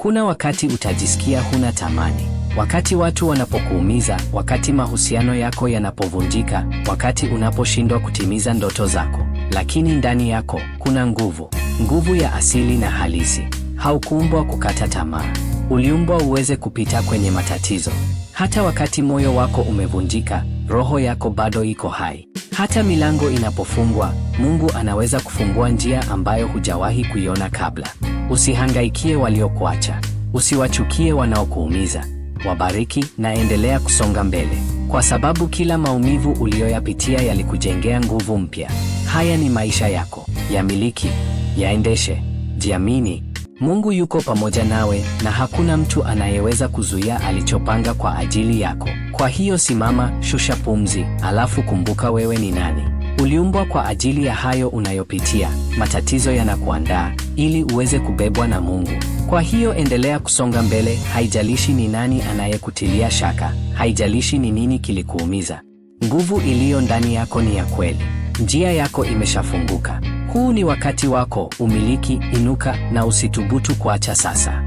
Kuna wakati utajisikia huna tamani wakati watu wanapokuumiza, wakati mahusiano yako yanapovunjika, wakati unaposhindwa kutimiza ndoto zako. Lakini ndani yako kuna nguvu, nguvu ya asili na halisi. Haukuumbwa kukata tamaa, uliumbwa uweze kupita kwenye matatizo. Hata wakati moyo wako umevunjika, roho yako bado iko hai. Hata milango inapofungwa, Mungu anaweza kufungua njia ambayo hujawahi kuiona kabla. Usihangaikie waliokuacha, usiwachukie wanaokuumiza, wabariki na endelea kusonga mbele, kwa sababu kila maumivu uliyoyapitia yalikujengea nguvu mpya. Haya ni maisha yako, yamiliki, yaendeshe, jiamini. Mungu yuko pamoja nawe na hakuna mtu anayeweza kuzuia alichopanga kwa ajili yako. Kwa hiyo simama, shusha pumzi, alafu kumbuka wewe ni nani. Uliumbwa kwa ajili ya hayo unayopitia, matatizo yanakuandaa ili uweze kubebwa na Mungu. Kwa hiyo endelea kusonga mbele, haijalishi ni nani anayekutilia shaka, haijalishi ni nini kilikuumiza. Nguvu iliyo ndani yako ni ya kweli. Njia yako imeshafunguka. Huu ni wakati wako, umiliki, inuka na usithubutu kuacha sasa.